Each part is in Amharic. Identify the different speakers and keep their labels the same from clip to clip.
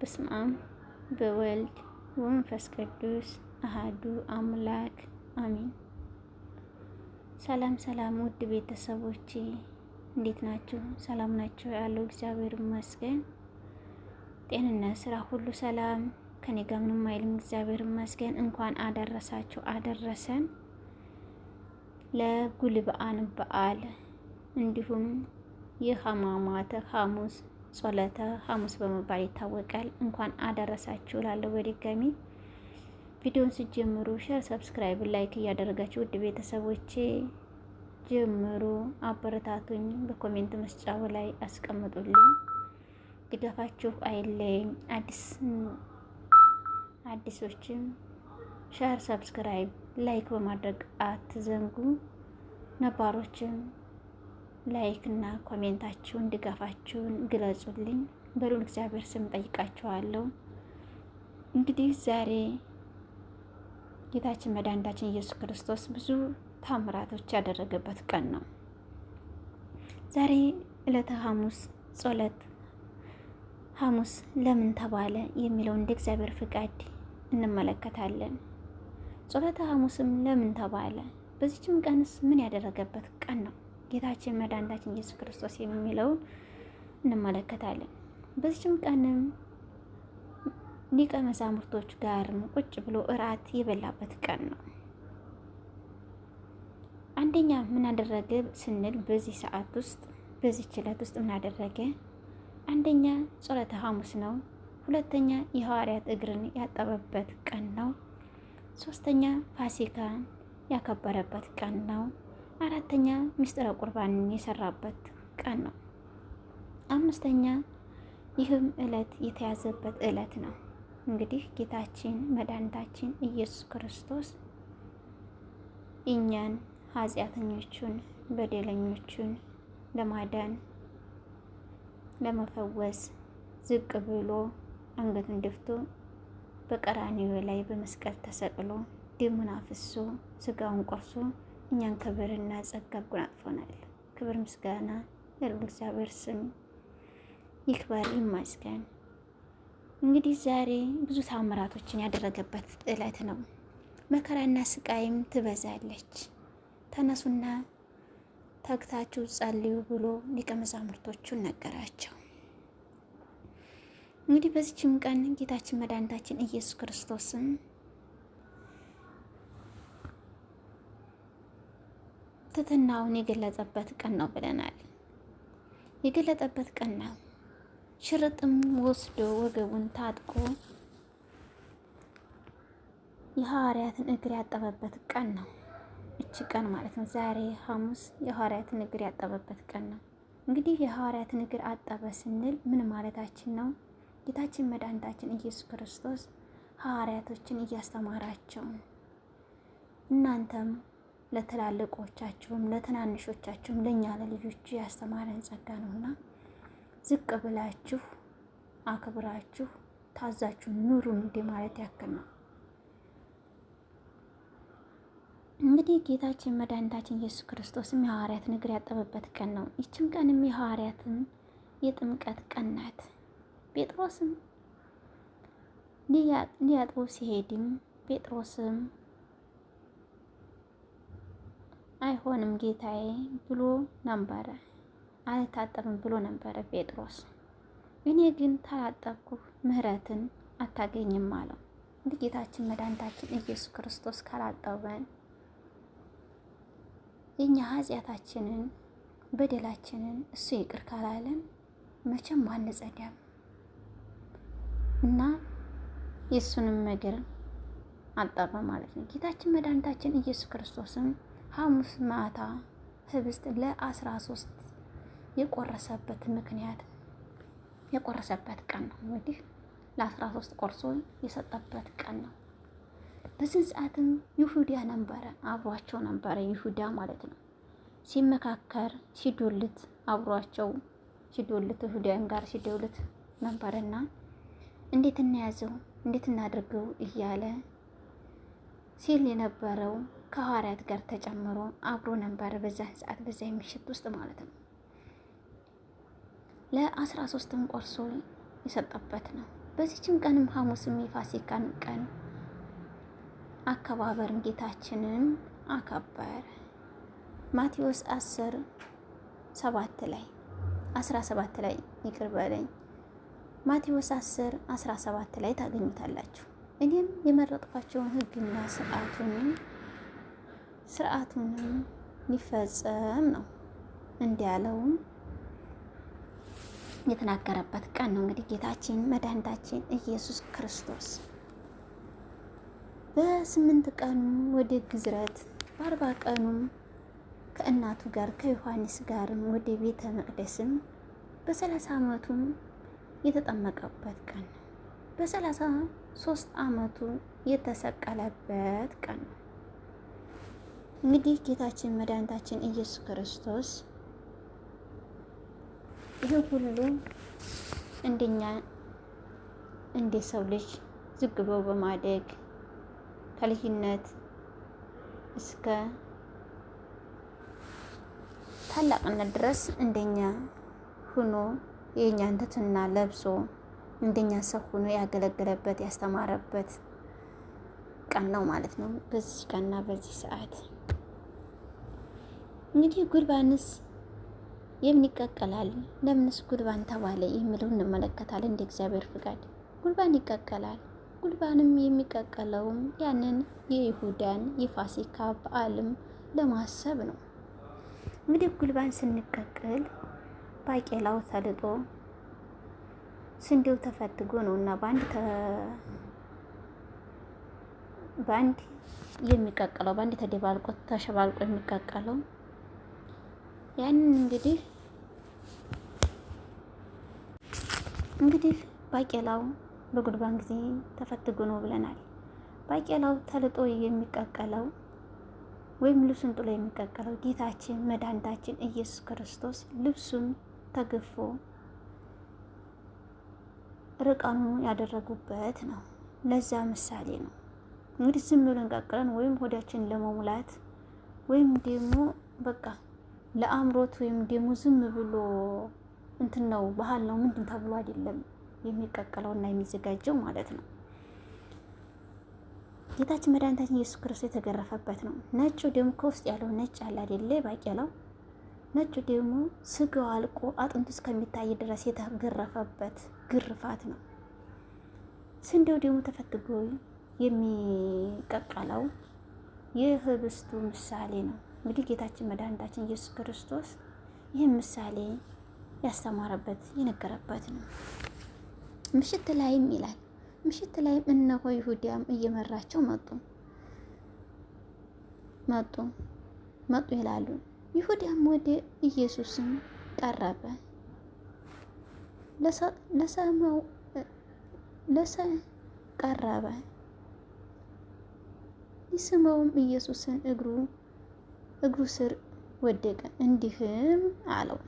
Speaker 1: በስመ አብ በወልድ ወመንፈስ ቅዱስ አሃዱ አምላክ አሚን። ሰላም ሰላም፣ ውድ ቤተሰቦቼ እንዴት ናችሁ? ሰላም ናችሁ? ያለው እግዚአብሔር ይመስገን። ጤንነት፣ ስራ ሁሉ ሰላም ከኔ ጋር ምንም አይልም። እግዚአብሔር ይመስገን። እንኳን አደረሳችሁ አደረሰን ለጉልበአን በዓል እንዲሁም የህማማተ ሐሙስ ጾለተ ሐሙስ በመባል ይታወቃል። እንኳን አደረሳችሁ ላለው በድጋሚ ቪዲዮን ስጀምሩ ሼር፣ ሰብስክራይብ፣ ላይክ እያደረጋችሁ ውድ ቤተሰቦቼ ጀምሩ፣ አበረታቱኝ። በኮሜንት መስጫው ላይ አስቀምጡልኝ። ድጋፋችሁ አይለየኝ። አዲስ አዲሶችም ሸር ሰብስክራይብ፣ ላይክ በማድረግ አትዘንጉ። ነባሮችም ላይክ እና ኮሜንታችሁን ድጋፋችሁን ግለጹልኝ። በሉል እግዚአብሔር ስም ጠይቃችኋለሁ። እንግዲህ ዛሬ ጌታችን መድኃኒታችን ኢየሱስ ክርስቶስ ብዙ ታምራቶች ያደረገበት ቀን ነው። ዛሬ ዕለተ ሐሙስ ጾለት ሐሙስ ለምን ተባለ የሚለው እንደ እግዚአብሔር ፍቃድ እንመለከታለን። ጾለተ ሐሙስም ለምን ተባለ? በዚችም ቀንስ ምን ያደረገበት ቀን ነው? ጌታችን መድኃኒታችን ኢየሱስ ክርስቶስ የሚለውን እንመለከታለን። በዚችም ቀንም ሊቀ መዛሙርቶች ጋር ቁጭ ብሎ እራት የበላበት ቀን ነው። አንደኛ ምን አደረገ ስንል በዚህ ሰዓት ውስጥ በዚህ ችለት ውስጥ ምን አደረገ? አንደኛ ጸሎተ ሐሙስ ነው። ሁለተኛ የሐዋርያት እግርን ያጠበበት ቀን ነው። ሶስተኛ ፋሲካን ያከበረበት ቀን ነው። አራተኛ ምስጢረ ቁርባን የሰራበት ቀን ነው። አምስተኛ ይህም እለት የተያዘበት እለት ነው። እንግዲህ ጌታችን መድኃኒታችን ኢየሱስ ክርስቶስ እኛን ኃጢአተኞቹን በደለኞቹን ለማዳን ለመፈወስ ዝቅ ብሎ አንገቱን ደፍቶ በቀራኒዮ ላይ በመስቀል ተሰቅሎ ደሙን አፍሶ ስጋውን ቆርሶ እኛን ክብርና ጸጋ ጉናጥፎናል ክብር ምስጋና ለልዑል እግዚአብሔር ስም ይክበር ይመስገን። እንግዲህ ዛሬ ብዙ ታምራቶችን ያደረገበት ዕለት ነው። መከራና ስቃይም ትበዛለች። ተነሱና ተግታችሁ ጸልዩ ብሎ ሊቀ መዛሙርቶቹን ነገራቸው። እንግዲህ በዚችም ቀን ጌታችን መድኃኒታችን ኢየሱስ ክርስቶስን ትትናውን የገለጸበት ቀን ነው ብለናል። የገለጠበት ቀን ነው። ሽርጥም ወስዶ ወገቡን ታጥቆ የሐዋርያትን እግር ያጠበበት ቀን ነው። እች ቀን ማለት ነው ዛሬ ሐሙስ የሐዋርያትን እግር ያጠበበት ቀን ነው። እንግዲህ የሐዋርያትን እግር አጠበ ስንል ምን ማለታችን ነው? ጌታችን መድኃኒታችን ኢየሱስ ክርስቶስ ሐዋርያቶችን እያስተማራቸው እናንተም ለትላልቆቻችሁም ለትናንሾቻችሁም ለእኛ ለልጆቹ ያስተማረን ጸጋ ነውና ዝቅ ብላችሁ አክብራችሁ ታዛችሁ ኑሩ እንዴ ማለት ያክል ነው። እንግዲህ ጌታችን መድኃኒታችን ኢየሱስ ክርስቶስም የሐዋርያት እግር ያጠበበት ቀን ነው። ይችም ቀንም የሐዋርያትን የጥምቀት ቀን ናት። ጴጥሮስም ሊያጥቡ ሲሄድም ጴጥሮስም አይሆንም ጌታዬ ብሎ ነበረ። አልታጠብም ብሎ ነበረ ጴጥሮስ። እኔ ግን ታላጠብኩ ምህረትን አታገኝም አለው። እንግዲህ ጌታችን መድኃኒታችን ኢየሱስ ክርስቶስ ካላጠበን የእኛ ኃጢአታችንን በደላችንን እሱ ይቅር ካላለን መቼም አንጸዳም እና የእሱንም እግር አጠበ ማለት ነው። ጌታችን መድኃኒታችን ኢየሱስ ክርስቶስም ሐሙስ ማታ ህብስት ለአስራ ሶስት የቆረሰበት ምክንያት የቆረሰበት ቀን ነው። እንግዲህ ለአስራ ሶስት ቆርሶ የሰጠበት ቀን ነው። በዚህ ሰዓትም ይሁዳ ነበረ፣ አብሯቸው ነበረ ይሁዳ ማለት ነው። ሲመካከር ሲዶልት፣ አብሯቸው ሲዶልት፣ ይሁዳን ጋር ሲዶልት ነበረና እንዴት እናያዘው እንዴት እናድርገው እያለ ሲል የነበረው ከሐዋርያት ጋር ተጨምሮ አብሮ ነበር በዛን ሰዓት በዛ ምሽት ውስጥ ማለት ነው። ለአስራ ሶስትም ቆርሶ የሰጠበት ነው። በዚችም ቀንም ሐሙስም የፋሲካን ቀን አከባበር ጌታችንን አከበረ። ማቴዎስ አስር 7 ላይ ሰባት ላይ ይቅር በለኝ ማቴዎስ አስራ ሰባት ላይ ታገኙታላችሁ። እኔም የመረጥኳቸውን ህግና ስርዓቱን ስርዓቱንም ሊፈጸም ነው እንዲያለውም የተናገረበት ቀን ነው። እንግዲህ ጌታችን መድኃኒታችን ኢየሱስ ክርስቶስ በስምንት ቀኑ ወደ ግዝረት በአርባ ቀኑም ከእናቱ ጋር ከዮሐንስ ጋርም ወደ ቤተ መቅደስም በሰላሳ ዓመቱም የተጠመቀበት ቀን ነው። በሰላሳ ሶስት አመቱ የተሰቀለበት ቀን ነው። እንግዲህ ጌታችን መድኃኒታችን ኢየሱስ ክርስቶስ ይህ ሁሉ እንደኛ እንደ ሰው ልጅ ዝግ ብሎ በማደግ ከልጅነት እስከ ታላቅነት ድረስ እንደኛ ሁኖ የእኛን ትሕትና ለብሶ እንደኛ ሰው ሁኖ ያገለገለበት ያስተማረበት ቀን ነው ማለት ነው። በዚህ ቀንና በዚህ ሰዓት እንግዲህ ጉርባንስ የምን ይቀቀላል? ለምንስ ጉርባን ተባለ? የሚለው እንመለከታለን። እንደ እግዚአብሔር ፍቃድ ጉርባን ይቀቀላል። ጉርባንም የሚቀቀለውም ያንን የይሁዳን የፋሲካ በዓልም ለማሰብ ነው። እንግዲህ ጉልባን ስንቀቅል ባቄላው ተልጦ ስንዴው ተፈትጎ ነው እና በአንድ በአንድ የሚቀቀለው በአንድ ተደባልቆ ተሸባልቆ የሚቀቀለው ያንን እንግዲህ እንግዲህ ባቄላው በጉድባን ጊዜ ተፈትጎ ነው ብለናል። ባቄላው ተልጦ የሚቀቀለው ወይም ልብሱን ጥሎ የሚቀቀለው ጌታችን መድኃኒታችን ኢየሱስ ክርስቶስ ልብሱን ተገፎ ርቃኑ ያደረጉበት ነው። ለዛ ምሳሌ ነው እንግዲህ ዝም ብለን ቀቅለን ወይም ሆዳችን ለመሙላት ወይም ደግሞ በቃ ለአእምሮት ወይም ደግሞ ዝም ብሎ እንትን ነው ባህል ነው ምንድን ተብሎ አይደለም የሚቀቀለው እና የሚዘጋጀው ማለት ነው። ጌታችን መድኃኒታችን ኢየሱስ ክርስቶስ የተገረፈበት ነው። ነጩ ደግሞ ከውስጥ ያለው ነጭ አለ አይደለ? ባቄላው ነጩ ደግሞ ስጋው አልቆ አጥንቱ እስከሚታይ ድረስ የተገረፈበት ግርፋት ነው። ስንዴው ደግሞ ተፈትጎ የሚቀቀለው የህብስቱ ምሳሌ ነው። እንግዲህ ጌታችን መድኃኒታችን ኢየሱስ ክርስቶስ ይህን ምሳሌ ያስተማረበት የነገረበት ነው። ምሽት ላይም ይላል ምሽት ላይም እነሆ ይሁዳም እየመራቸው መጡ መጡ መጡ ይላሉ። ይሁዳም ወደ ኢየሱስም ቀረበ ለሰማው ለሰ ቀረበ ይስመውም ኢየሱስን እግሩ እግሩ ስር ወደቀ። እንዲህም አለው፣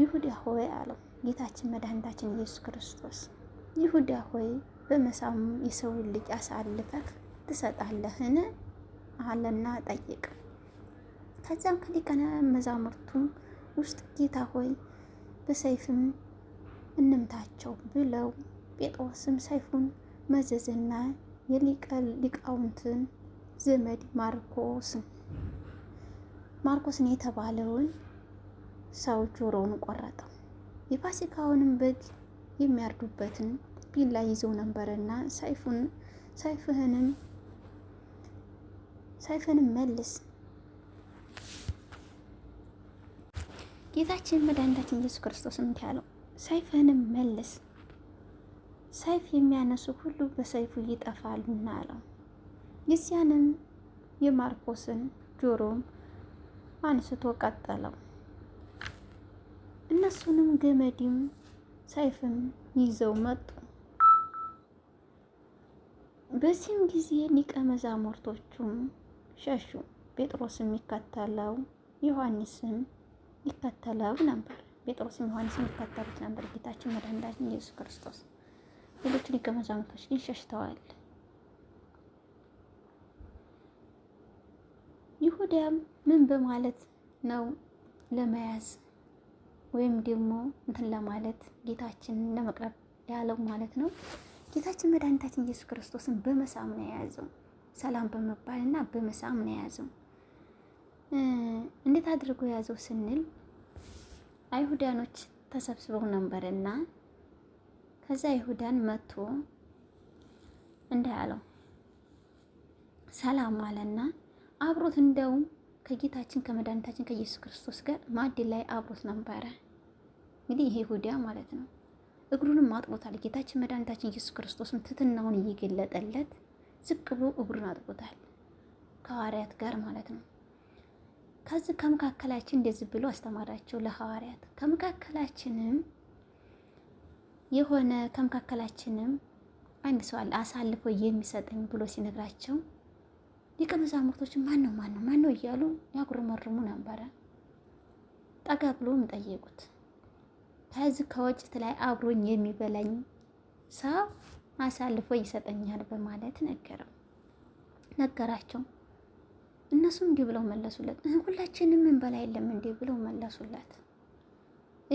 Speaker 1: ይሁዳ ሆይ አለው ጌታችን መድኃኒታችን ኢየሱስ ክርስቶስ ይሁዳ ሆይ በመሳሙ የሰውን ልጅ አሳልፈህ ትሰጣለህን? አለና ጠየቅ። ከዚያም ከሊቃነ መዛሙርቱ ውስጥ ጌታ ሆይ በሰይፍም እንምታቸው ብለው ጴጥሮስም ሰይፉን መዘዝና ሊቃውንትን ዘመድ ማርቆስም ማርቆስ ነው የተባለውን ሰው ጆሮውን ቆረጠው። የፋሲካውንም በግ የሚያርዱበትን ቢላ ይዘው ነበርና ሰይፉን ሰይፍህንም ሰይፍንም መልስ ጌታችን መድኃኒታችን ኢየሱስ ክርስቶስ እንዲህ ያለው ሰይፍህንም መልስ፣ ሰይፍ የሚያነሱ ሁሉ በሰይፉ ይጠፋሉና አለው። የዚያንም የማርቆስን ጆሮም አንስቶ ቀጠለው። እነሱንም ገመድም ሰይፍም ይዘው መጡ። በዚህም ጊዜ ሊቀ መዛሙርቶቹም ሸሹ። ጴጥሮስም ይከተለው፣ ዮሐንስም ይከተለው ነበር። ጴጥሮስም ዮሐንስም ይከተሉት ነበር ጌታችን መድኃኒታችን ኢየሱስ ክርስቶስ። ሌሎቹ ሊቀ መዛሙርቶች ግን ሸሽተዋል። ወዲያም ምን በማለት ነው ለመያዝ ወይም ደግሞ እንትን ለማለት ጌታችንን ለመቅረብ ያለው ማለት ነው። ጌታችን መድኃኒታችን ኢየሱስ ክርስቶስን በመሳም ነው የያዘው። ሰላም በመባል እና በመሳም ነው የያዘው። እንዴት አድርጎ የያዘው ስንል አይሁዳኖች ተሰብስበው ነበር እና ከዛ አይሁዳን መጥቶ እንደ ያለው ሰላም አለና አብሮት እንደውም ከጌታችን ከመድኃኒታችን ከኢየሱስ ክርስቶስ ጋር ማዕድ ላይ አብሮት ነበረ። እንግዲህ ይሄ ሁዲያ ማለት ነው። እግሩንም አጥቦታል። ጌታችን መድኃኒታችን ኢየሱስ ክርስቶስም ትትናውን እየገለጠለት ዝቅ ብሎ እግሩን አጥቦታል ከሐዋርያት ጋር ማለት ነው። ከዚህ ከመካከላችን እንደዚህ ብሎ አስተማራቸው ለሐዋርያት። ከመካከላችንም የሆነ ከመካከላችንም አንድ ሰው አለ አሳልፎ የሚሰጠኝ ብሎ ሲነግራቸው ሊቀ መዛሙርቶች ማን ነው ማን ነው ማን ነው እያሉ ያጉረመርሙ ነበረ። ጠጋ ብሎም ጠየቁት። ከዚህ ከወጭት ላይ አብሮኝ የሚበላኝ ሰው አሳልፎ ይሰጠኛል በማለት ነገረው ነገራቸው። እነሱም እንዲህ ብለው መለሱለት። ሁላችንም በላ የለም እንዲህ ብለው መለሱለት።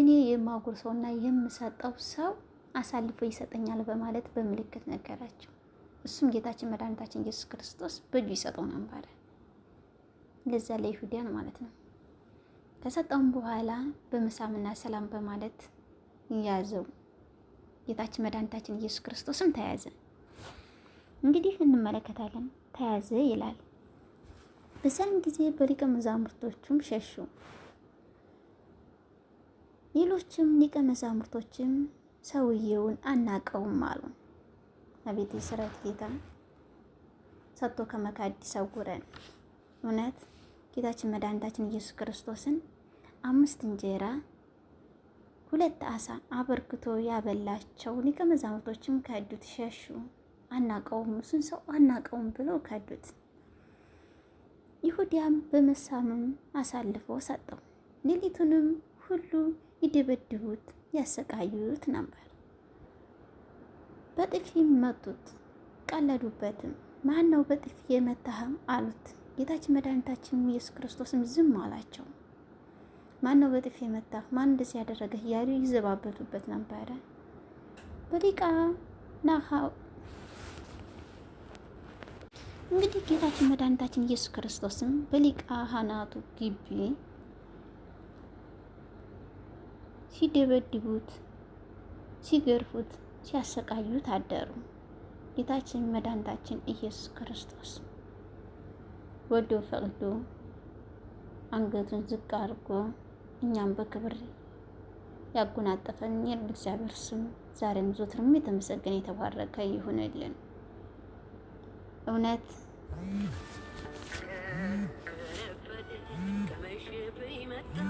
Speaker 1: እኔ ሰውና የምሰጠው ሰው አሳልፎ ይሰጠኛል በማለት በምልክት ነገራቸው። እሱም ጌታችን መድኃኒታችን ኢየሱስ ክርስቶስ በእጁ ይሰጠው ነበረ ለዛ ለይሁዳን ማለት ነው። ከሰጠውም በኋላ በመሳምና ሰላም በማለት ያዘው። ጌታችን መድኃኒታችን ኢየሱስ ክርስቶስም ተያዘ። እንግዲህ እንመለከታለን ተያዘ ይላል። በዚያን ጊዜ በሊቀ መዛሙርቶቹም ሸሹ። ሌሎችም ሊቀ መዛሙርቶችም ሰውየውን አናቀውም አሉ። አቤት የስራት ጌታ ሰጥቶ ከመካድ ይሰውረን። እውነት ጌታችን መድኃኒታችን ኢየሱስ ክርስቶስን አምስት እንጀራ ሁለት አሳ አበርክቶ ያበላቸው ሊቀ መዛሙርቶችም ከዱት፣ ሸሹ። አናቀውም፣ እሱን ሰው አናቀውም ብለው ከዱት። ይሁዳም በመሳምም አሳልፎ ሰጠው። ሌሊቱንም ሁሉ ይደበድቡት፣ ያሰቃዩት ነበር። በጥፊ መቱት፣ ቀለዱበትም። ማን ነው በጥፊ የመታህም አሉት። ጌታችን መድኃኒታችን ኢየሱስ ክርስቶስም ዝም አላቸው። ማን ነው በጥፊ የመታህ? ማን እንደዚህ ያደረገህ? እያሉ ይዘባበቱበት ነበረ። በሊቃ ናሃ እንግዲህ ጌታችን መድኃኒታችን ኢየሱስ ክርስቶስም በሊቃ ሀናቱ ግቢ ሲደበድቡት ሲገርፉት ሲያሰቃዩት አደሩ። ጌታችን መድኃኒታችን ኢየሱስ ክርስቶስ ወዶ ፈቅዶ አንገቱን ዝቅ አድርጎ እኛም በክብር ያጎናጠፈን እግዚአብሔር ስም ዛሬም ዘወትርም የተመሰገነ የተባረከ ይሁንልን። እውነት ከረፈደ ከመሸ ይመጣ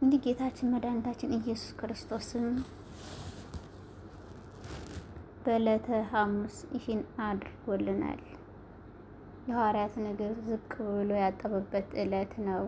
Speaker 1: እንዲህ ጌታችን መድኃኒታችን ኢየሱስ ክርስቶስም በዕለተ ሐሙስ ይህን አድርጎልናል። የሐዋርያትን እግር ዝቅ ብሎ ያጠበበት ዕለት ነው።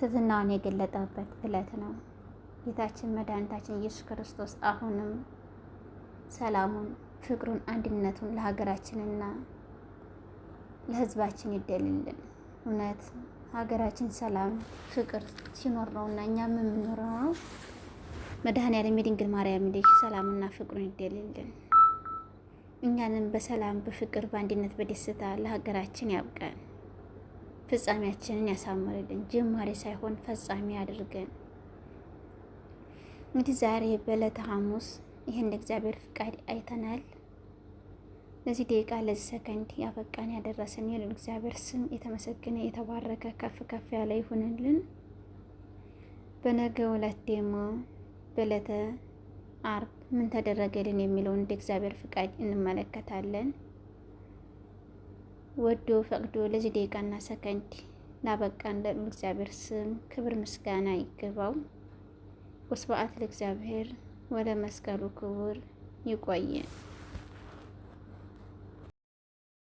Speaker 1: ትሕትናውን የገለጠበት ዕለት ነው። ጌታችን መድኃኒታችን ኢየሱስ ክርስቶስ አሁንም ሰላሙን፣ ፍቅሩን፣ አንድነቱን ለሀገራችንና ለሕዝባችን ይደልልን። እውነት ሀገራችን ሰላም፣ ፍቅር ሲኖር ነው እና እኛም የምንኖረው ነው። መድኃኔዓለም የድንግል ማርያም ልጅ ሰላምና ፍቅሩን ይደልልን። እኛንም በሰላም በፍቅር በአንድነት በደስታ ለሀገራችን ያብቃን። ፍጻሜያችንን ያሳምርልን። ጅማሬ ሳይሆን ፈጻሚ አድርገን እንግዲህ ዛሬ በዕለተ ሐሙስ ይህን እግዚአብሔር ፍቃድ አይተናል። ለዚህ ደቂቃ ለዚህ ሰከንድ ያበቃን ያደረሰን የሉ እግዚአብሔር ስም የተመሰገነ የተባረከ ከፍ ከፍ ያለ ይሁንልን። በነገ ዕለት ደግሞ በዕለተ አርብ ምን ተደረገልን የሚለውን እንደ እግዚአብሔር ፍቃድ እንመለከታለን። ወዶ ፈቅዶ ለዚህ ደቂቃና ሰከንድ ላበቃን ለሉ እግዚአብሔር ስም ክብር ምስጋና ይገባው። ወስብሐት ለእግዚአብሔር ወለመስቀሉ ክቡር። ይቆየ